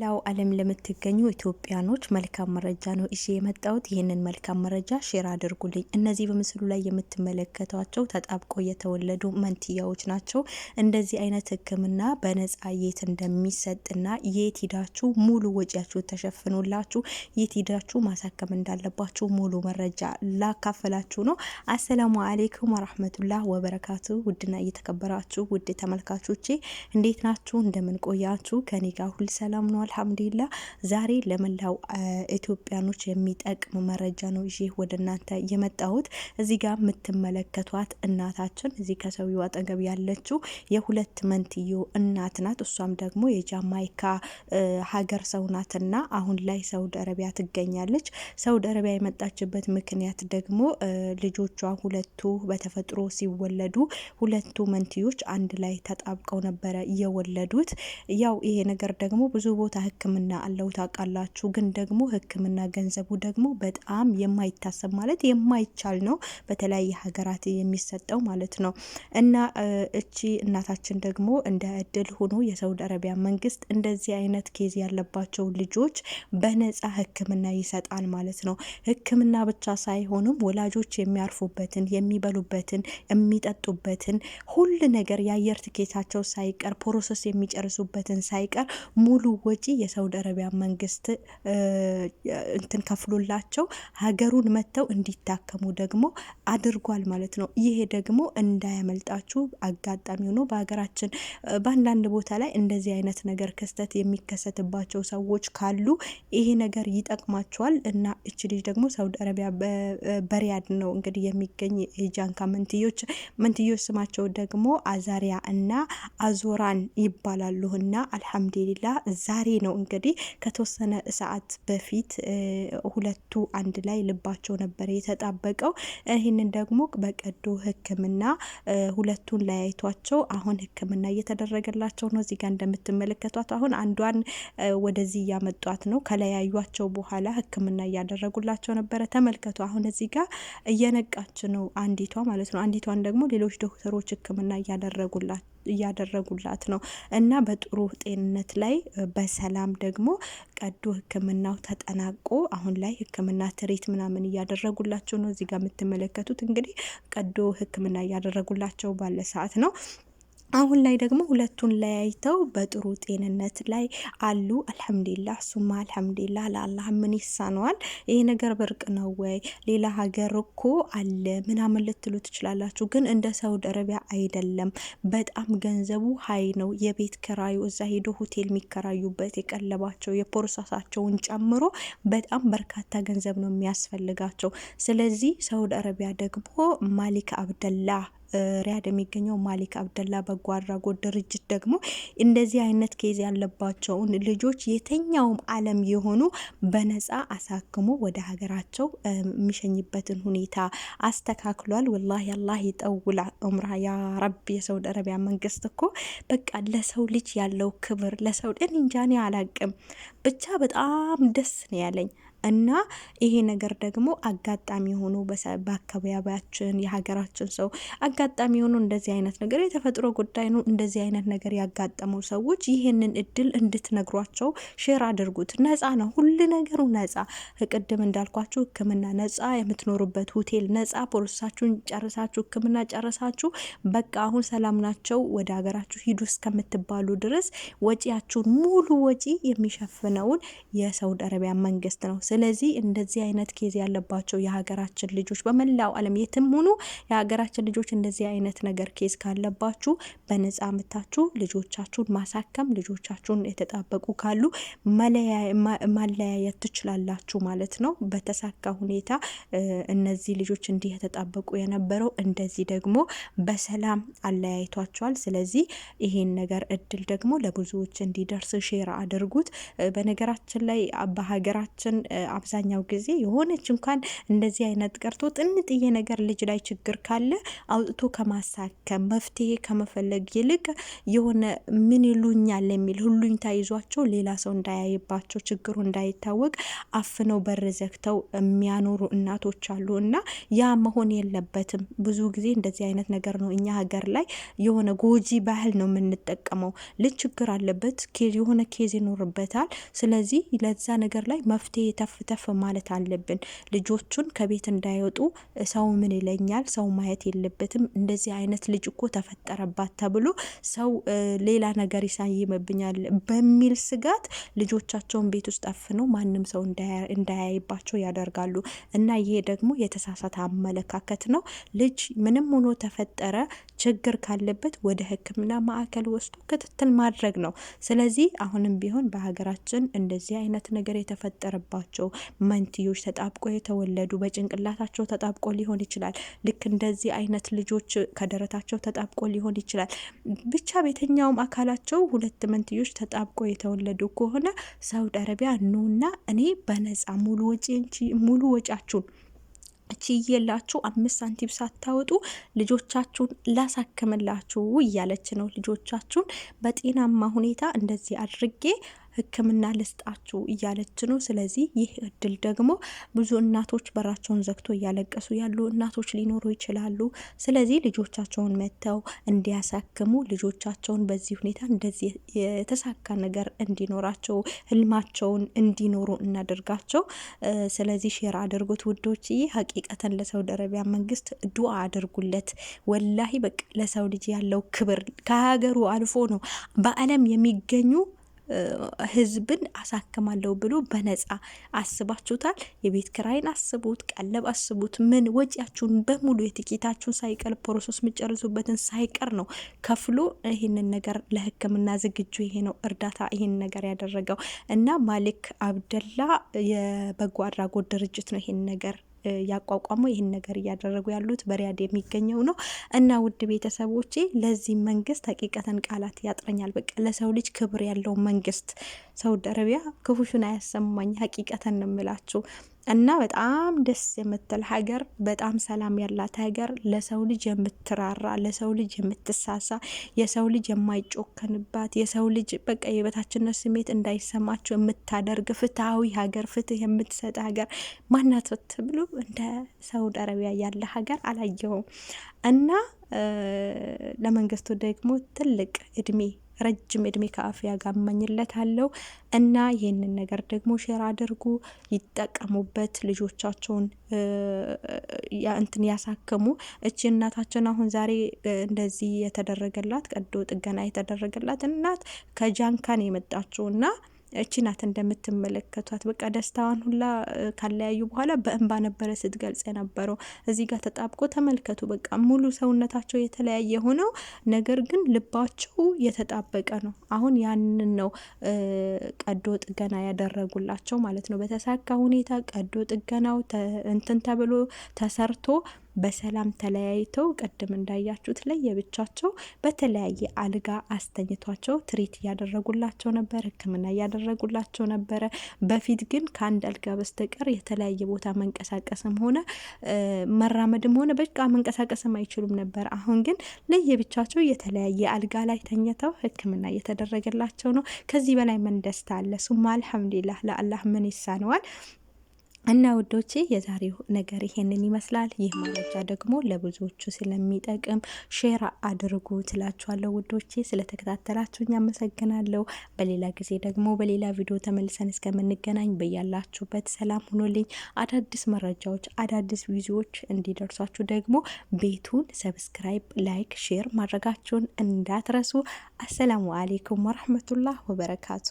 ላው ዓለም ለምትገኙ ኢትዮጵያኖች መልካም መረጃ ነው እዚህ የመጣሁት። ይህንን መልካም መረጃ ሼር አድርጉልኝ። እነዚህ በምስሉ ላይ የምትመለከቷቸው ተጣብቆ የተወለዱ መንትያዎች ናቸው። እንደዚህ አይነት ሕክምና በነፃ የት እንደሚሰጥና የት ሂዳችሁ ሙሉ ወጪያችሁ ተሸፍኖላችሁ የት ሂዳችሁ ማሳከም እንዳለባችሁ ሙሉ መረጃ ላካፈላችሁ ነው። አሰላሙ አሌይኩም ወራህመቱላህ ወበረካቱ። ውድና እየተከበራችሁ ውድ ተመልካቾቼ እንዴት ናችሁ? እንደምን ቆያችሁ? ከኔ ጋር ሁል ሰላም ነው አልሐምዱሊላ ዛሬ ለመላው ኢትዮጵያኖች የሚጠቅም መረጃ ነው ይዤ ወደ እናንተ የመጣሁት። እዚህ ጋር የምትመለከቷት እናታችን እዚህ ከሰውየው አጠገብ ያለችው የሁለት መንትዮ እናት ናት። እሷም ደግሞ የጃማይካ ሀገር ሰው ናትና አሁን ላይ ሳውዲ አረቢያ ትገኛለች። ሳውዲ አረቢያ የመጣችበት ምክንያት ደግሞ ልጆቿ ሁለቱ በተፈጥሮ ሲወለዱ ሁለቱ መንትዮች አንድ ላይ ተጣብቀው ነበረ የወለዱት። ያው ይሄ ነገር ደግሞ ብዙ ቦታ ህክምና አለው ታውቃላችሁ። ግን ደግሞ ህክምና ገንዘቡ ደግሞ በጣም የማይታሰብ ማለት የማይቻል ነው፣ በተለያየ ሀገራት የሚሰጠው ማለት ነው። እና እቺ እናታችን ደግሞ እንደ እድል ሆኖ የሳውዲ አረቢያ መንግስት እንደዚህ አይነት ኬዝ ያለባቸው ልጆች በነጻ ህክምና ይሰጣል ማለት ነው። ህክምና ብቻ ሳይሆንም ወላጆች የሚያርፉበትን የሚበሉበትን የሚጠጡበትን ሁል ነገር የአየር ትኬታቸው ሳይቀር ፕሮሰስ የሚጨርሱበትን ሳይቀር ሙሉ ወጪ የሳውዲ አረቢያ መንግስት እንትን ከፍሎላቸው ሀገሩን መጥተው እንዲታከሙ ደግሞ አድርጓል ማለት ነው። ይሄ ደግሞ እንዳያመልጣችሁ አጋጣሚ ሆኖ በሀገራችን በአንዳንድ ቦታ ላይ እንደዚህ አይነት ነገር ክስተት የሚከሰትባቸው ሰዎች ካሉ ይሄ ነገር ይጠቅማቸዋል እና እች ልጅ ደግሞ ሳውዲ አረቢያ በሪያድ ነው እንግዲህ የሚገኝ የጃንካ መንትዮች መንትዮች ስማቸው ደግሞ አዛሪያ እና አዞራን ይባላሉ እና አልሐምዱሊላ ዛሬ ነው እንግዲህ ከተወሰነ ሰዓት በፊት ሁለቱ አንድ ላይ ልባቸው ነበር የተጣበቀው። ይህንን ደግሞ በቀዶ ሕክምና ሁለቱን ለያይቷቸው አሁን ሕክምና እየተደረገላቸው ነው። እዚጋ እንደምትመለከቷት አሁን አንዷን ወደዚህ እያመጧት ነው። ከለያዩቸው በኋላ ሕክምና እያደረጉላቸው ነበረ። ተመልከቱ። አሁን እዚህ ጋር እየነቃች ነው አንዲቷ ማለት ነው። አንዲቷን ደግሞ ሌሎች ዶክተሮች ሕክምና እያደረጉላት እያደረጉላት ነው እና በጥሩ ጤንነት ላይ በስ ሰላም ደግሞ ቀዶ ህክምናው ተጠናቆ አሁን ላይ ህክምና ትሬት ምናምን እያደረጉላቸው ነው። እዚህ ጋር የምትመለከቱት እንግዲህ ቀዶ ህክምና እያደረጉላቸው ባለ ሰዓት ነው። አሁን ላይ ደግሞ ሁለቱን ለያይተው በጥሩ ጤንነት ላይ አሉ። አልሐምዱሊላህ ሱማ አልሐምዱሊላህ ለአላህ ምን ይሳነዋል? ይሄ ነገር ብርቅ ነው ወይ? ሌላ ሀገር እኮ አለ ምናምን ልትሉ ትችላላችሁ፣ ግን እንደ ሳውዲ አረቢያ አይደለም። በጣም ገንዘቡ ሀይ ነው። የቤት ክራዩ እዛ ሄዶ ሆቴል የሚከራዩበት የቀለባቸው የፖርሳሳቸውን ጨምሮ በጣም በርካታ ገንዘብ ነው የሚያስፈልጋቸው። ስለዚህ ሳውዲ አረቢያ ደግሞ ማሊክ አብደላህ ሪያድ የሚገኘው ማሊክ አብደላ በጎ አድራጎት ድርጅት ደግሞ እንደዚህ አይነት ኬዝ ያለባቸውን ልጆች የተኛውም ዓለም የሆኑ በነጻ አሳክሞ ወደ ሀገራቸው የሚሸኝበትን ሁኔታ አስተካክሏል። ወላሂ አላህ ይጠውላ ዑምራ ያረብ። የሳውዲ አረቢያ መንግስት እኮ በቃ ለሰው ልጅ ያለው ክብር ለሰው እንጃኔ አላቅም ብቻ በጣም ደስ ነው ያለኝ። እና ይሄ ነገር ደግሞ አጋጣሚ ሆኖ በአካባቢያችን የሀገራችን ሰው አጋጣሚ ሆኖ እንደዚህ አይነት ነገር የተፈጥሮ ጉዳይ ነው። እንደዚህ አይነት ነገር ያጋጠመው ሰዎች ይህንን እድል እንድትነግሯቸው ሼር አድርጉት። ነፃ ነው፣ ሁሉ ነገሩ ነፃ። ቅድም እንዳልኳችሁ ሕክምና ነፃ፣ የምትኖሩበት ሆቴል ነፃ፣ ፖሊሳችሁን ጨርሳችሁ ሕክምና ጨርሳችሁ በቃ አሁን ሰላም ናቸው ወደ ሀገራችሁ ሂዱ እስከምትባሉ ድረስ ወጪያችሁን ሙሉ ወጪ የሚሸፍነውን የሳውዲ አረቢያ መንግስት ነው። ስለዚህ እንደዚህ አይነት ኬዝ ያለባቸው የሀገራችን ልጆች በመላው ዓለም የትም ሆኑ የሀገራችን ልጆች እንደዚህ አይነት ነገር ኬዝ ካለባችሁ በነጻ ምታችሁ ልጆቻችሁን ማሳከም ልጆቻችሁን የተጣበቁ ካሉ ማለያየት ትችላላችሁ ማለት ነው። በተሳካ ሁኔታ እነዚህ ልጆች እንዲህ የተጣበቁ የነበረው እንደዚህ ደግሞ በሰላም አለያይቷቸዋል። ስለዚህ ይሄን ነገር እድል ደግሞ ለብዙዎች እንዲደርስ ሼር አድርጉት። በነገራችን ላይ በሀገራችን አብዛኛው ጊዜ የሆነች እንኳን እንደዚህ አይነት ቀርቶ ጥንጥዬ ነገር ልጅ ላይ ችግር ካለ አውጥቶ ከማሳከም መፍትሄ ከመፈለግ ይልቅ የሆነ ምን ይሉኛል የሚል ሁሉኝ ታይዟቸው ሌላ ሰው እንዳያይባቸው ችግሩ እንዳይታወቅ አፍነው በር ዘግተው የሚያኖሩ እናቶች አሉ እና ያ መሆን የለበትም። ብዙ ጊዜ እንደዚህ አይነት ነገር ነው። እኛ ሀገር ላይ የሆነ ጎጂ ባህል ነው የምንጠቀመው። ልጅ ችግር አለበት፣ የሆነ ኬዝ ይኖርበታል። ስለዚህ ለዛ ነገር ላይ መፍትሄ ተፍ ተፍ ማለት አለብን። ልጆቹን ከቤት እንዳይወጡ ሰው ምን ይለኛል፣ ሰው ማየት የለበትም እንደዚህ አይነት ልጅ እኮ ተፈጠረባት ተብሎ ሰው ሌላ ነገር ይሳይምብኛል በሚል ስጋት ልጆቻቸውን ቤት ውስጥ አፍነው ማንም ሰው እንዳያይባቸው ያደርጋሉ እና ይሄ ደግሞ የተሳሳተ አመለካከት ነው። ልጅ ምንም ሆኖ ተፈጠረ ችግር ካለበት ወደ ሕክምና ማዕከል ወስዶ ክትትል ማድረግ ነው። ስለዚህ አሁንም ቢሆን በሀገራችን እንደዚህ አይነት ነገር የተፈጠረባቸው ናቸው። መንትዮች ተጣብቆ የተወለዱ በጭንቅላታቸው ተጣብቆ ሊሆን ይችላል። ልክ እንደዚህ አይነት ልጆች ከደረታቸው ተጣብቆ ሊሆን ይችላል። ብቻ በየትኛውም አካላቸው ሁለት መንትዮች ተጣብቆ የተወለዱ ከሆነ ሳውዲ አረቢያ ኑና እኔ በነጻ ሙሉ ሙሉ ወጪያችሁን ችዬላችሁ አምስት ሳንቲም ሳታወጡ ልጆቻችሁን ላሳክምላችሁ እያለች ነው። ልጆቻችሁን በጤናማ ሁኔታ እንደዚህ አድርጌ ሕክምና ልስጣችሁ እያለች ነው። ስለዚህ ይህ እድል ደግሞ ብዙ እናቶች በራቸውን ዘግቶ እያለቀሱ ያሉ እናቶች ሊኖሩ ይችላሉ። ስለዚህ ልጆቻቸውን መጥተው እንዲያሳክሙ ልጆቻቸውን በዚህ ሁኔታ እንደዚህ የተሳካ ነገር እንዲኖራቸው ህልማቸውን እንዲኖሩ እናደርጋቸው። ስለዚህ ሼር አድርጉት ውዶች። ይህ ሀቂቀተን ለሳውዲ አረቢያ መንግስት ዱአ አድርጉለት። ወላሂ በቃ ለሰው ልጅ ያለው ክብር ከሀገሩ አልፎ ነው በዓለም የሚገኙ ህዝብን አሳክማለሁ ብሎ በነጻ አስባችሁታል? የቤት ክራይን አስቡት፣ ቀለብ አስቡት፣ ምን ወጪያችሁን በሙሉ የትኬታችሁን ሳይቀር ፕሮሰስ የምጨርሱበትን ሳይቀር ነው ከፍሎ ይህንን ነገር ለህክምና ዝግጁ ይሄ ነው እርዳታ ይህን ነገር ያደረገው እና ማሊክ አብደላ የበጎ አድራጎት ድርጅት ነው ይህን ነገር ያቋቋሙ ይህን ነገር እያደረጉ ያሉት በሪያድ የሚገኘው ነው እና ውድ ቤተሰቦቼ ለዚህ መንግስት ሀቂቀተን ቃላት ያጥረኛል። በቃ ለሰው ልጅ ክብር ያለው መንግስት ሳውዲ አረቢያ ክፉሹን አያሰማኝ ሀቂቀተን እንምላችሁ እና በጣም ደስ የምትል ሀገር፣ በጣም ሰላም ያላት ሀገር፣ ለሰው ልጅ የምትራራ፣ ለሰው ልጅ የምትሳሳ፣ የሰው ልጅ የማይጮከንባት፣ የሰው ልጅ በቃ የበታችነት ስሜት እንዳይሰማቸው የምታደርግ ፍትሐዊ ሀገር፣ ፍትህ የምትሰጥ ሀገር ማናት ብሎ እንደ ሳውዲ አረቢያ ያለ ሀገር አላየውም እና ለመንግስቱ ደግሞ ትልቅ እድሜ ረጅም እድሜ ከአፍያ ጋር አለው። እና ይህንን ነገር ደግሞ ሼር አድርጉ፣ ይጠቀሙበት። ልጆቻቸውን እንትን ያሳክሙ። እቺ እናታችን አሁን ዛሬ እንደዚህ የተደረገላት ቀዶ ጥገና የተደረገላት እናት ከጃንካን እና እቺ ናት እንደምትመለከቷት። በቃ ደስታዋን ሁላ ካለያዩ በኋላ በእንባ ነበረ ስትገልጽ የነበረው። እዚህ ጋር ተጣብቆ ተመልከቱ። በቃ ሙሉ ሰውነታቸው የተለያየ ሆነው ነገር ግን ልባቸው የተጣበቀ ነው። አሁን ያንን ነው ቀዶ ጥገና ያደረጉላቸው ማለት ነው። በተሳካ ሁኔታ ቀዶ ጥገናው እንትን ተብሎ ተሰርቶ በሰላም ተለያይተው ቅድም እንዳያችሁት ለየብቻቸው በተለያየ አልጋ አስተኝቷቸው ትሪት እያደረጉላቸው ነበር፣ ሕክምና እያደረጉላቸው ነበረ። በፊት ግን ከአንድ አልጋ በስተቀር የተለያየ ቦታ መንቀሳቀስም ሆነ መራመድም ሆነ በቃ መንቀሳቀስም አይችሉም ነበር። አሁን ግን ለየብቻቸው የተለያየ አልጋ ላይ ተኝተው ሕክምና እየተደረገላቸው ነው። ከዚህ በላይ ምን ደስታ አለ? ሱማ አልሐምዱሊላህ ለአላህ ምን ይሳነዋል? እና ውዶቼ የዛሬው ነገር ይሄንን ይመስላል። ይህ መረጃ ደግሞ ለብዙዎቹ ስለሚጠቅም ሼር አድርጉ ትላችኋለሁ። ውዶቼ ስለተከታተላችሁኝ አመሰግናለሁ። በሌላ ጊዜ ደግሞ በሌላ ቪዲዮ ተመልሰን እስከምንገናኝ በያላችሁበት ሰላም ሆኖልኝ አዳዲስ መረጃዎች፣ አዳዲስ ቪዲዮዎች እንዲደርሷችሁ ደግሞ ቤቱን ሰብስክራይብ፣ ላይክ፣ ሼር ማድረጋችሁን እንዳትረሱ። አሰላሙ አሌይኩም ወረህመቱላህ ወበረካቱ